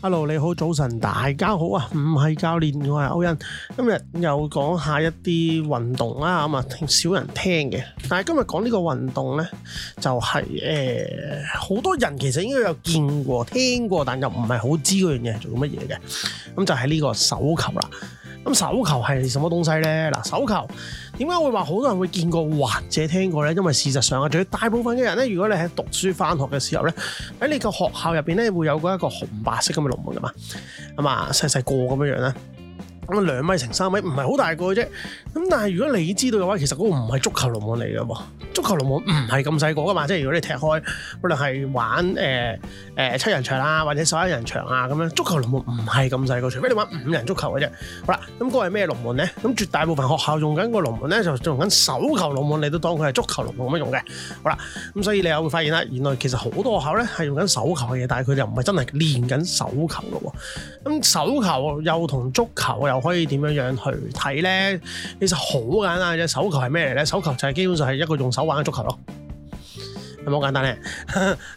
Hello，你好，早晨，大家好啊！唔係教練，我係歐恩。今日又講下一啲運動啦，咁啊少人聽嘅。但係今日講呢個運動呢，就係誒好多人其實應該有見過、聽過，但又唔係好知嗰樣嘢係做乜嘢嘅。咁就係呢個手球啦。咁手球係什麼東西呢？嗱，手球點解會話好多人會見過或者聽過呢？因為事實上啊，仲有大部分嘅人呢，如果你喺讀書翻學嘅時候呢，喺你個學校入邊呢，會有嗰一個紅白色咁嘅龍門噶嘛，咁啊細細個咁樣樣呢。咁兩米乘三米唔係好大個啫，咁但係如果你知道嘅話，其實嗰個唔係足球龍門嚟嘅喎。足球龍門唔係咁細個㗎嘛，即係如果你踢開，無論係玩誒誒、呃呃、七人場啊，或者十一人場啊咁樣，足球龍門唔係咁細個，除非你玩五人足球嘅啫。好啦，咁嗰個係咩龍門咧？咁絕大部分學校用緊個龍門咧，就用緊手球龍門，你都當佢係足球龍門咁樣用嘅。好啦，咁所以你又會發現啦，原來其實好多學校咧係用緊手球嘅嘢，但係佢就唔係真係練緊手球嘅喎。咁手球又同足球有可以點樣樣去睇呢？其實好簡單嘅，手球係咩嚟呢？手球就係基本上係一個用手玩嘅足球咯。咁好簡單咧，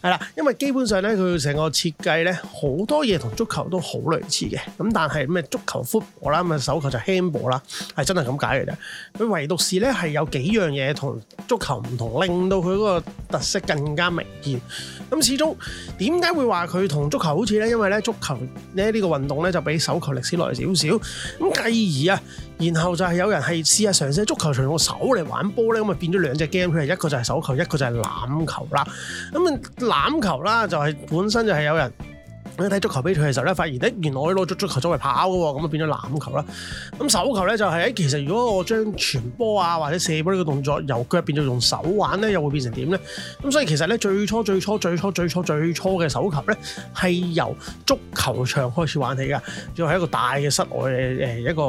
係 啦，因為基本上咧，佢成個設計咧，好多嘢同足球都好類似嘅。咁但係咩足球 football 啦，咁手球就 handball 啦，係真係咁解嘅啫。佢唯獨是咧，係有幾樣嘢同足球唔同，令到佢個特色更加明顯。咁始終點解會話佢同足球好似咧？因為咧足球呢呢個運動咧就比手球歷史耐少少。咁繼而啊，然後就係有人係試下嘗試足球場，用手嚟玩波咧，咁啊變咗兩隻 game，佢一個就係手球，一個就係欖球。啦、嗯，咁籃球啦，就係、是、本身就係有人。我睇足球比賽嘅時候咧，發現原來我攞足足球走去跑嘅喎，咁啊變咗籃球啦。咁手球咧就係、是、誒，其實如果我將傳波啊或者射波呢個動作由腳變咗用手玩咧，又會變成點咧？咁所以其實咧最初最初最初最初最初嘅手球咧，係由足球場開始玩起噶，就係、是、一個大嘅室外嘅一個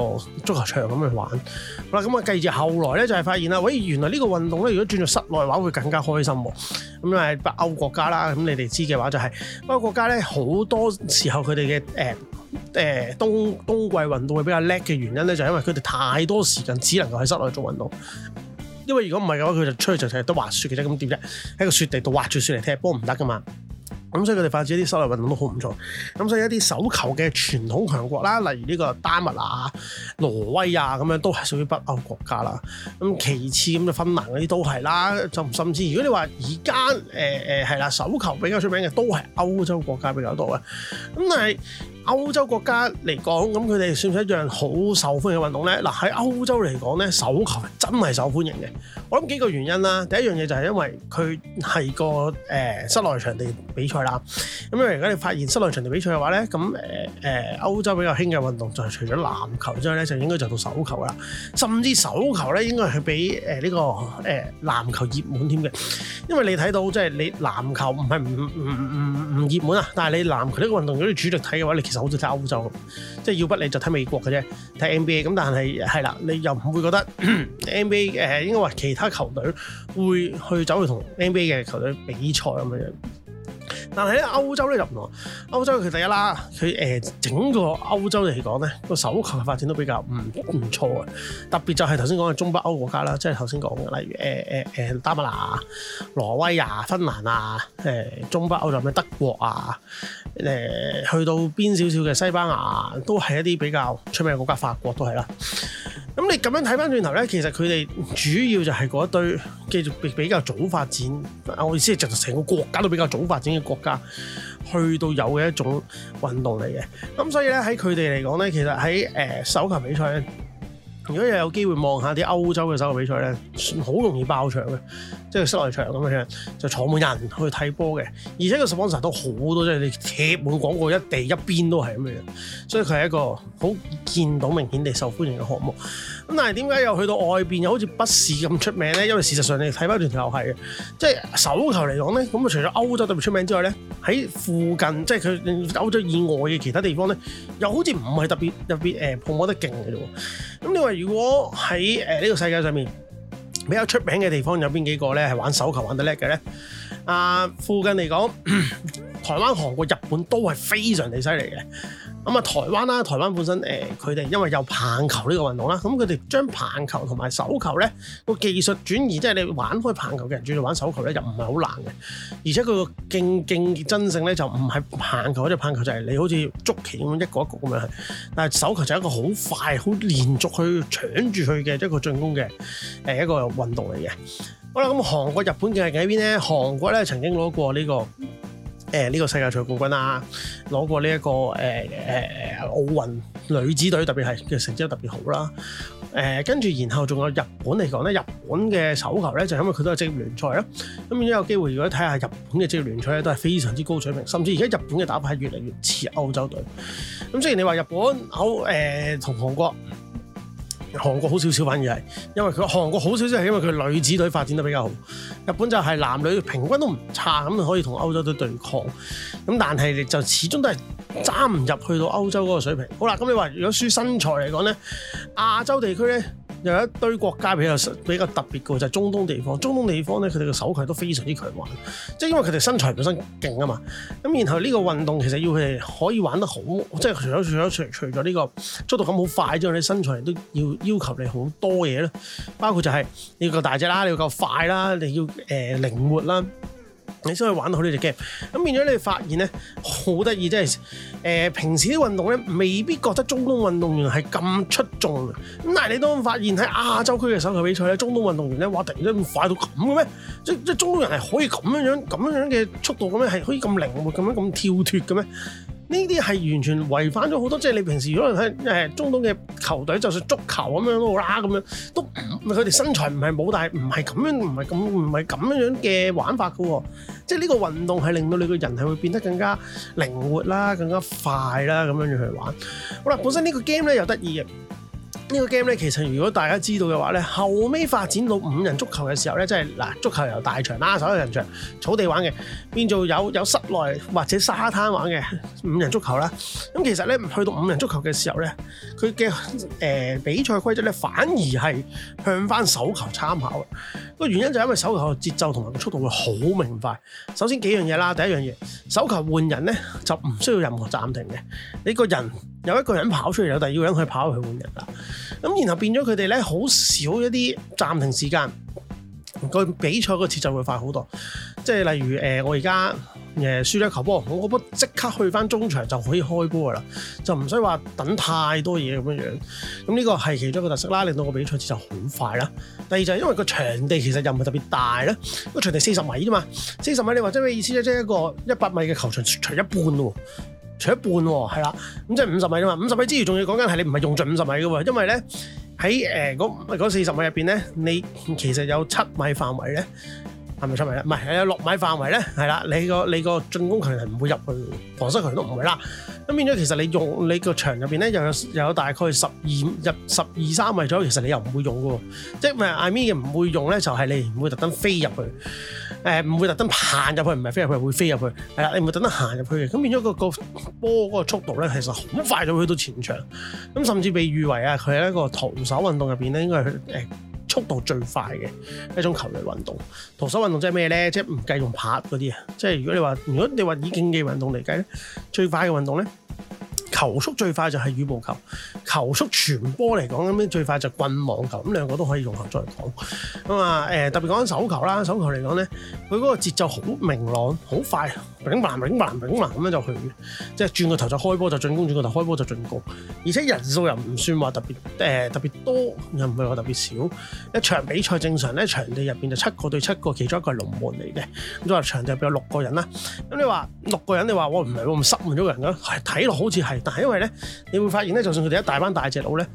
足球場咁去玩。好啦，咁啊繼而後來咧就係、是、發現啦，喂原來呢個運動咧如果轉做室內玩會更加開心喎。咁啊北歐國家啦，咁你哋知嘅話就係、是、北歐國家咧好多時候佢哋嘅誒誒冬冬季運動會比較叻嘅原因咧，就係因為佢哋太多時間只能夠喺室內做運動，因為如果唔係嘅話，佢就出去就成日都滑雪嘅啫，咁點啫？喺個雪地度滑住雪嚟踢波唔得噶嘛。咁所以佢哋發展一啲室內運動都好唔錯。咁所以一啲手球嘅傳統強國啦，例如呢個丹麥啊、挪威啊咁樣，都係屬於北歐國家啦。咁其次咁嘅芬蘭嗰啲都係啦。就甚至如果你話而家誒誒係啦，手球比較出名嘅都係歐洲國家比較多呀。咁但係。歐洲國家嚟講，咁佢哋算唔算是一樣好受歡迎嘅運動呢？嗱，喺歐洲嚟講呢，手球真係受歡迎嘅。我諗幾個原因啦。第一樣嘢就係因為佢係個誒、呃、室內場地比賽啦。咁因為如果你發現室內場地比賽嘅話呢，咁誒誒歐洲比較興嘅運動就係除咗籃球之外呢，就應該就到手球啦。甚至手球呢應該係比誒呢、呃這個誒、呃、籃球熱門添嘅。因為你睇到即係、就是、你籃球唔係唔唔唔唔熱門啊，但係你籃球呢個運動如果你主力睇嘅話，你。就好似睇歐洲咁，即係要不你就睇美國嘅啫，睇 NBA 咁。但係係啦，你又唔會覺得 NBA 誒、呃、應該話其他球隊會去走去同 NBA 嘅球隊比賽咁嘅樣。但係咧，歐洲咧就唔同。歐洲佢第一啦，佢誒整個歐洲嚟講咧，個手球發展都比較唔唔錯嘅。特別就係頭先講嘅中北歐國家啦，即係頭先講嘅，例如誒誒誒丹麥啊、挪威啊、芬蘭啊、誒、呃、中北歐就咩德國啊、誒、呃、去到邊少少嘅西班牙都係一啲比較出名嘅國家，法國都係啦。咁你咁樣睇返轉頭咧，其實佢哋主要就係嗰堆繼續比比較早發展，我意思係就成個國家都比較早發展嘅國家去到有嘅一種運動嚟嘅。咁所以咧喺佢哋嚟講咧，其實喺首、呃、手球比賽咧。如果又有機會望下啲歐洲嘅手球比賽咧，好容易爆場嘅，即係室內場咁嘅樣，就坐滿人去睇波嘅，而且個 sponsor 都好多，即係你貼滿廣告一地一邊都係咁嘅樣，所以佢係一個好見到明顯地受歡迎嘅項目。咁但係點解又去到外邊又好似不是咁出名咧？因為事實上你睇翻條條又係嘅，即係手球嚟講咧，咁啊除咗歐洲特別出名之外咧，喺附近即係佢歐洲以外嘅其他地方咧，又好似唔係特別特別誒碰摸得勁嘅喎。咁你話如果喺誒呢個世界上面比較出名嘅地方有邊幾個咧？係玩手球玩得叻嘅咧？啊、呃，附近嚟講，台灣、韓國、日本都係非常地犀利嘅。咁啊，台灣啦，台灣本身誒，佢哋因為有棒球呢個運動啦，咁佢哋將棒球同埋手球咧個技術轉移，即係你玩開棒球嘅人轉做玩手球咧，就唔係好難嘅。而且佢個競競爭性咧就唔係棒球，嗰隻棒球就係你好似捉棋咁一個一個咁樣。但係手球就係一個好快、好連續去搶住佢嘅一個進攻嘅誒一個運動嚟嘅。好啦，咁韓國、日本嘅喺邊咧？韓國咧曾經攞過呢個。誒、這、呢個世界賽冠軍啊，攞過呢、這、一個誒誒奧運女子隊特別係嘅成績都特別好啦。誒跟住然後仲有日本嚟講咧，日本嘅手球咧就是、因為佢都係職業聯賽啦。咁變咗有機會，如果睇下日本嘅職業聯賽咧，都係非常之高水平，甚至而家日本嘅打法係越嚟越似歐洲隊。咁雖然你話日本好誒、呃、同韓國。韓國好少少反而係，因為佢韓國好少少係因為佢女子隊發展得比較好。日本就係男女平均都唔差，咁可以同歐洲隊對抗。咁但係就始終都係爭唔入去到歐洲嗰個水平。好啦，咁你話如果輸身材嚟講呢，亞洲地區呢？有一堆國家比較比較特別嘅，就係、是、中東地方。中東地方咧，佢哋嘅手球都非常之強橫，即係因為佢哋身材本身勁啊嘛。咁然後呢個運動其實要佢哋可以玩得好，即係除咗除咗除除咗呢個速度咁好快之外，你身材都要要求你好多嘢咧。包括就係你要夠大隻啦，你要夠快啦，你要誒、呃、靈活啦。你先可以玩到呢隻 game，咁變咗你發現咧，好得意，即係、呃、平時啲運動咧，未必覺得中東運動員係咁出眾嘅，咁但係你當發現喺亞洲區嘅手球比賽咧，中東運動員咧，哇！突然之間快到咁嘅咩？即即中東人係可以咁樣樣、咁樣樣嘅速度咁咩？係可以咁靈活、咁樣咁跳脱嘅咩？呢啲係完全違反咗好多，即係你平時可能睇誒中東嘅球隊，就算係足球咁樣都好啦，咁樣都佢哋身材唔係冇，但係唔係咁樣，唔係咁，唔係咁樣樣嘅玩法㗎喎。即係呢個運動係令到你個人係會變得更加靈活啦，更加快啦，咁樣樣去玩。好啦，本身呢個 game 咧又得意嘅。呢個 game 咧，其實如果大家知道嘅話咧，後尾發展到五人足球嘅時候咧，即係嗱足球由大場拉手嘅人場草地玩嘅，變做有有室內或者沙灘玩嘅五人足球啦。咁其實咧，去到五人足球嘅時候咧，佢嘅誒比賽規則咧，反而係向翻手球參考嘅。個原因就係因為手球嘅節奏同埋速度會好明快。首先幾樣嘢啦，第一樣嘢，手球換人咧就唔需要任何暫停嘅，你個人。有一個人跑出嚟，有第二個人去跑去換人啦。咁然後變咗佢哋咧，好少一啲暫停時間，個比賽個節奏會快好多。即係例如誒，我而家誒輸咗球波，我嗰波即刻去返中場就可以開波噶啦，就唔使話等太多嘢咁樣樣。咁呢個係其中一個特色啦，令到個比賽節奏好快啦。第二就係因為個場地其實又唔係特別大啦，個場地四十米啫嘛，四十米你話真係意思即係、就是、一個一百米嘅球場除一半喎。除一半喎。係啦，咁即係五十米啊嘛，五十米之前仲要講緊係你唔係用盡五十米嘅喎，因為咧喺誒嗰四十米入邊咧，你其實有七米範圍咧。係咪出位咧？唔係有六米範圍咧，係啦。你個你個進攻球員唔會入去，防守球員都唔會啦。咁變咗，其實你用你個場入邊咧，又有又有大概十二入十二三米左右，其實你又唔會用嘅。即係 I mean 唔會用咧，就係你唔會特登飛入去，誒唔會特登行入去，唔係飛入去，會飛入去。係啦，你唔會特登行入去嘅。咁變咗個個波嗰個速度咧，其實好快就去到前場。咁甚至被譽為啊，佢喺一個徒手運動入邊咧，應該係誒。欸速度最快嘅一種球類運動，徒手運動即係咩呢？即係唔計用拍嗰啲啊！即如果你話，如果你話以競技運動嚟計，最快嘅運動呢？球速最快就係羽毛球，球速傳波嚟講咁樣最快就棍網球，咁兩個都可以融合再講。咁啊誒特別講緊手球啦，手球嚟講咧，佢嗰個節奏好明朗，好快，永難永難永難咁樣就去即係、就是、轉個頭就開波就進攻，轉個頭開波就進攻。而且人數又唔算話特別誒、呃、特別多，又唔係話特別少。一場比賽正常咧，場地入邊就七個對七個，其中一個係龍門嚟嘅，咁就話場地入邊有六個人啦。咁你話六個人，你話我唔係我唔塞滿咗人咯？睇落好似係。但係因為咧，你會發現咧，就算佢哋一大班大隻佬咧，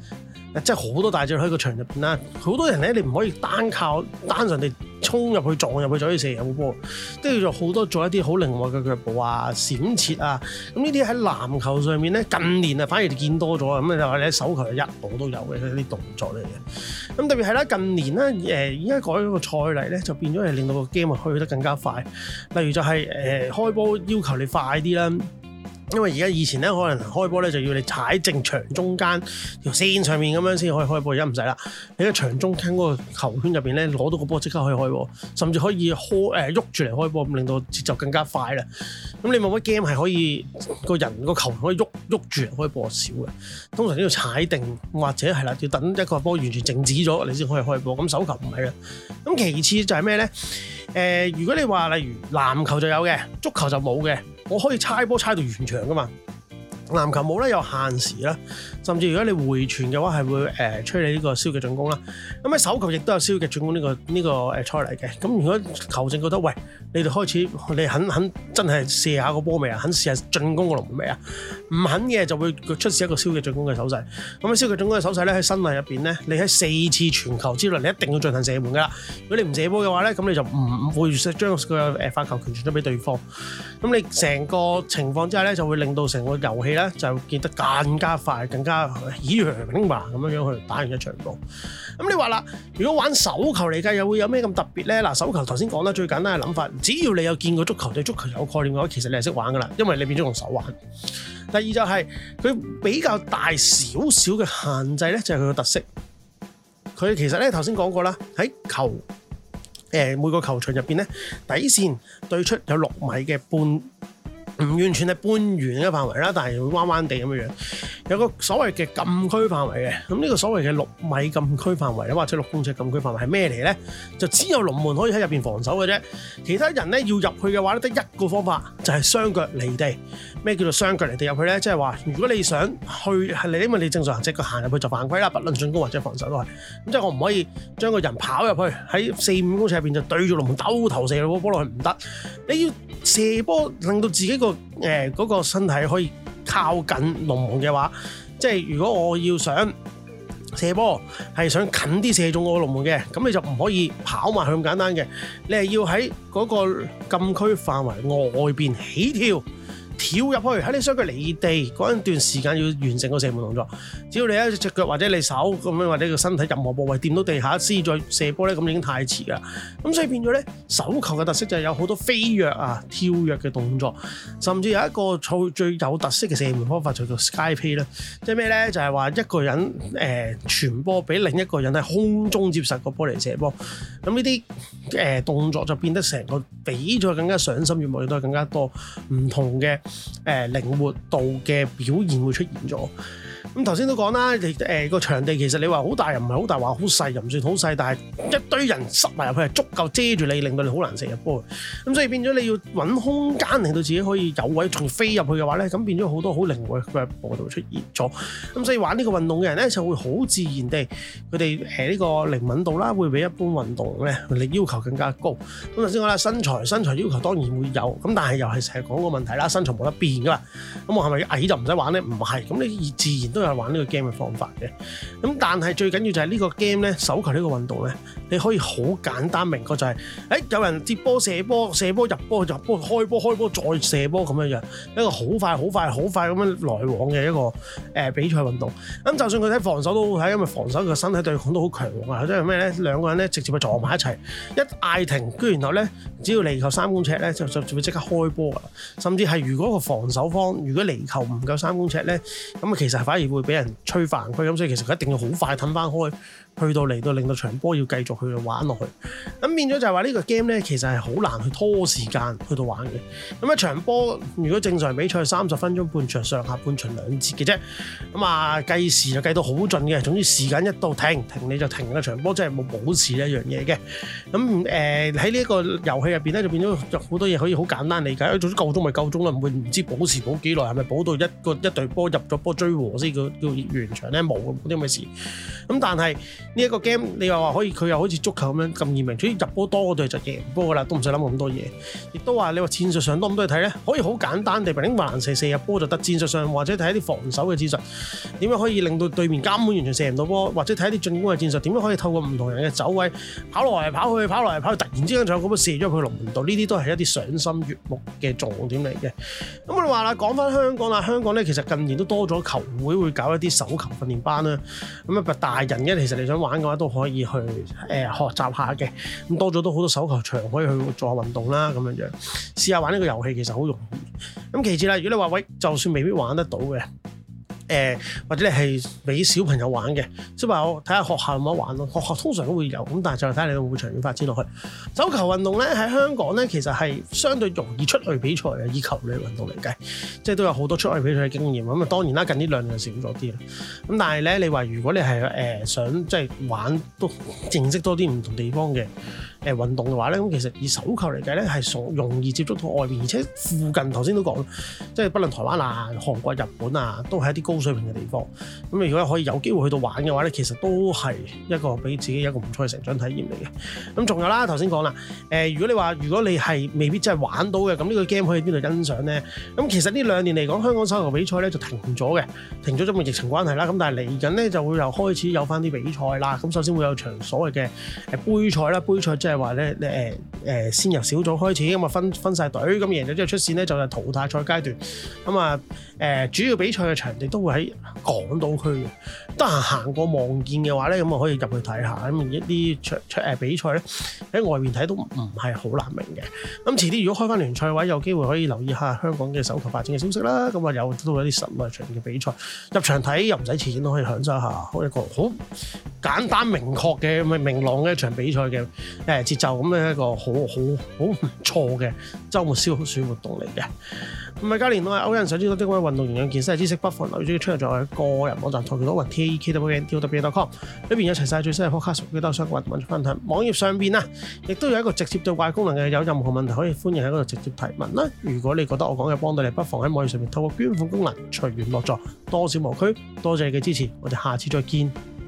即係好多大隻佬喺個場入邊啦，好多人咧，你唔可以單靠單純地衝入去撞入去就可以射入波，都要做好多做一啲好靈活嘅腳步啊、閃切啊。咁呢啲喺籃球上面咧，近年啊反而見多咗啊。咁啊，就係你手球一路都有嘅一啲動作嚟嘅。咁特別係咧，近年咧，誒而家改咗個賽例咧，就變咗係令到個 game 去得更加快。例如就係、是、誒、呃、開波要求你快啲啦。因為而家以前咧，可能開波咧就要你踩正場中間條線上面咁樣先可以開波，而家唔使啦。喺個場中間嗰個球圈入邊咧，攞到個波即刻可以開波，甚至可以開喐住嚟開波，咁、呃、令到節奏更加快啦。咁你冇乜 game 係可以個人個球可以喐喐住嚟開波少嘅？通常都要踩定或者係啦，要等一個波完全靜止咗，你先可以開波。咁手球唔係啦。咁其次就係咩咧？誒，如果你話例如籃球就有嘅，足球就冇嘅，我可以猜波猜到完場㗎嘛。籃球冇咧，有限時啦，甚至如果你回傳嘅話，係會誒吹、呃、你呢個消極進攻啦。咁、嗯、喺手球亦都有消極進攻呢，呢個呢，呢個誒賽嚟嘅。咁、啊嗯、如果球證覺得喂，你哋開始你肯肯真係射一下個波未啊？肯試下進攻個龍門未啊？唔肯嘅就會出示一個消極進攻嘅手勢。咁、嗯、喺消極進攻嘅手勢咧喺新例入邊咧，你喺四次傳球之內，你一定要進行射門㗎啦。如果你唔射波嘅話咧，咁你就唔會將個誒發球權傳咗俾對方。咁你成個情況之下咧，就會令到成個遊戲就見得更加快、更加以長兵嘛咁樣樣去打完一場球。咁、嗯、你話啦，如果玩手球嚟計，又會有咩咁特別咧？嗱，手球頭先講得最簡單嘅諗法，只要你有見過足球對足球有概念嘅話，其實你係識玩噶啦，因為你變咗用手玩。第二就係、是、佢比較大少少嘅限制咧，就係佢嘅特色。佢其實咧頭先講過啦，喺球、呃、每個球場入面咧，底線對出有六米嘅半，唔完全係半圓嘅範圍啦，但係會彎彎地咁樣樣。有個所謂嘅禁區範圍嘅，咁呢個所謂嘅六米禁區範圍咧，或者六公尺禁區範圍係咩嚟咧？就只有龍門可以喺入邊防守嘅啫，其他人咧要入去嘅話咧，得一個方法就係雙腳離地。咩叫做雙腳離地入去咧？即係話如果你想去係你，因為你正常行即係行入去就犯規啦，不論進攻或者防守都係。咁即係我唔可以將個人跑入去喺四五公尺入邊就對住龍門兜頭射個波落去唔得。你要射波令到自己個誒嗰個身體可以，靠近龍門嘅話，即係如果我要想射波，係想近啲射中我個龍門嘅，咁你就唔可以跑埋去咁簡單嘅，你係要喺嗰個禁區範圍外邊起跳。跳入去，喺你雙腳離地嗰一段時間要完成個射門動作，只要你一隻腳或者你手咁樣或者個身體任何部位掂到地下先再射波咧，咁已經太遲啦。咁所以變咗咧，手球嘅特色就係有好多飛躍啊、跳躍嘅動作，甚至有一個最最有特色嘅射門方法叫做 sky play 啦。即係咩咧？就係話一個人誒傳波俾另一個人喺空中接實個波嚟射波。咁呢啲誒動作就變得成個比賽更加上心，越磨越多，更加多唔同嘅。誒、呃、靈活度嘅表現會出現咗。咁頭先都講啦，誒個場地其實你話好大又唔係好大，話好細又唔算好細，但係一堆人塞埋入去係足夠遮住你，令到你好難射入波。咁所以變咗你要搵空間，令到自己可以有位從飛入去嘅話咧，咁變咗好多好靈活嘅步度出現咗。咁所以玩呢個運動嘅人咧，就會好自然地佢哋誒呢個靈敏度啦，會比一般運動咧，力要求更加高。咁頭先講啦，身材身材要求當然會有，咁但係又係成日講個問題啦，身材冇得變噶喇。咁我係咪矮就唔使玩咧？唔係，咁你自然都有。玩呢個 game 嘅方法嘅，咁但係最緊要就係呢個 game 咧，手球呢個運動咧，你可以好簡單明確就係，誒有人接波、射波、射波、入波、入波、開波、開波、再射波咁樣樣，一個好快好快好快咁樣來往嘅一個誒比賽運動。咁就算佢睇防守都好睇，因為防守佢嘅身體對抗都好強啊。即係咩咧？兩個人咧，直接去撞埋一齊，一嗌停，跟住然後咧，只要離球三公尺咧，就就就會即刻開波㗎。甚至係如果個防守方如果離球唔夠三公尺咧，咁啊其實反而，會俾人吹犯規，咁所以其實一定要好快褪翻開，去到嚟到令到場波要繼續去玩落去，咁變咗就係話呢個 game 咧，其實係好難去拖時間去到玩嘅。咁啊場波如果正常比賽，三十分鐘半場上下半場兩節嘅啫，咁啊計時就計到好盡嘅。總之時間一到停停你就停啦，場波真係冇保持一樣嘢嘅。咁誒喺呢一個遊戲入邊咧，就變咗就好多嘢可以好簡單理解。總之夠鐘咪夠鐘啦，唔會唔知道保持保幾耐，係咪保到一個一隊波入咗波追和先？叫叫完場咧，冇冇啲咁嘅事。咁但係呢一個 game 你又話可以佢又好似足球咁樣咁易明，只要入波多嗰隊就贏波啦，都唔使諗咁多嘢。亦都話你話戰術上多唔多去睇咧，可以好簡單地，頂橫射射入波就得。戰術上或者睇一啲防守嘅戰術，點樣可以令到對面根本完全射唔到波，或者睇一啲進攻嘅戰術，點樣可以透過唔同人嘅走位跑來跑去跑來跑去，突然之間就有個射咗佢籠門度，呢啲都係一啲賞心悅目嘅重點嚟嘅。咁我哋話啦，講翻香港啦，香港咧其實近年都多咗球會會。搞一啲手球訓練班啦，咁啊大人嘅，其實你想玩嘅話都可以去誒、呃、學習下嘅，咁多咗都好多手球場可以去做下運動啦，咁樣樣試下玩呢個遊戲其實好容易。咁其次啦，如果你話喂，就算未必玩得到嘅。誒、呃、或者你係俾小朋友玩嘅，即係話我睇下學校有冇得玩咯。學校通常都會有，咁但係就睇下你會唔會長遠發展落去。手球運動咧喺香港咧，其實係相對容易出去比賽嘅，以球類的運動嚟計，即係都有好多出去比賽嘅經驗。咁啊當然啦，近呢兩年就少咗啲啦。咁但係咧，你話如果你係誒、呃、想即係玩都認識多啲唔同地方嘅。誒運動嘅話咧，咁其實以手球嚟計咧，係所容易接觸到外邊，而且附近頭先都講，即係不論台灣啊、韓國、日本啊，都係一啲高水平嘅地方。咁你如果可以有機會去到玩嘅話咧，其實都係一個俾自己一個唔錯嘅成長體驗嚟嘅。咁仲有啦，頭先講啦，誒如果你話如果你係未必真係玩到嘅，咁呢個 game 可以邊度欣賞咧？咁其實呢兩年嚟講，香港手球比賽咧就停咗嘅，停咗因為疫情關係啦。咁但係嚟緊咧就會又開始有返啲比賽啦。咁首先會有場所謂嘅誒杯賽啦，杯賽即係。話咧，誒誒，先由小組開始，咁啊分分晒隊，咁贏咗之後出線呢，就係淘汰賽階段。咁啊，誒，主要比賽嘅場地都會喺港島區，得閒行過望見嘅話咧，咁啊可以入去睇下。咁一啲誒比賽咧，喺外面睇都唔係好難明嘅。咁遲啲如果開翻聯賽位，有機會可以留意下香港嘅手球發展嘅消息啦。咁啊，又都有啲室內場嘅比賽，入場睇又唔使錢，可以享受下，開一個好。好簡單明確嘅，明朗嘅一場比賽嘅誒節奏，咁樣一個好好好唔錯嘅周末消暑活動嚟嘅。唔係嘉年樂啊，歐人想知道多啲關於運動營養健身嘅知識，不妨留意住出入咗我嘅個人網站跆拳道運動 T A E K W O N D O W E N 特別嘅 com 裏邊有齊晒最新嘅 podcast，記得相關問出問題。網頁上邊啊，亦都有一個直接對話功能嘅，有任何問題可以歡迎喺嗰度直接提問啦。如果你覺得我講嘅幫到你，不妨喺網頁上面透過捐款功能隨緣樂助。多少無區，多謝你嘅支持，我哋下次再見。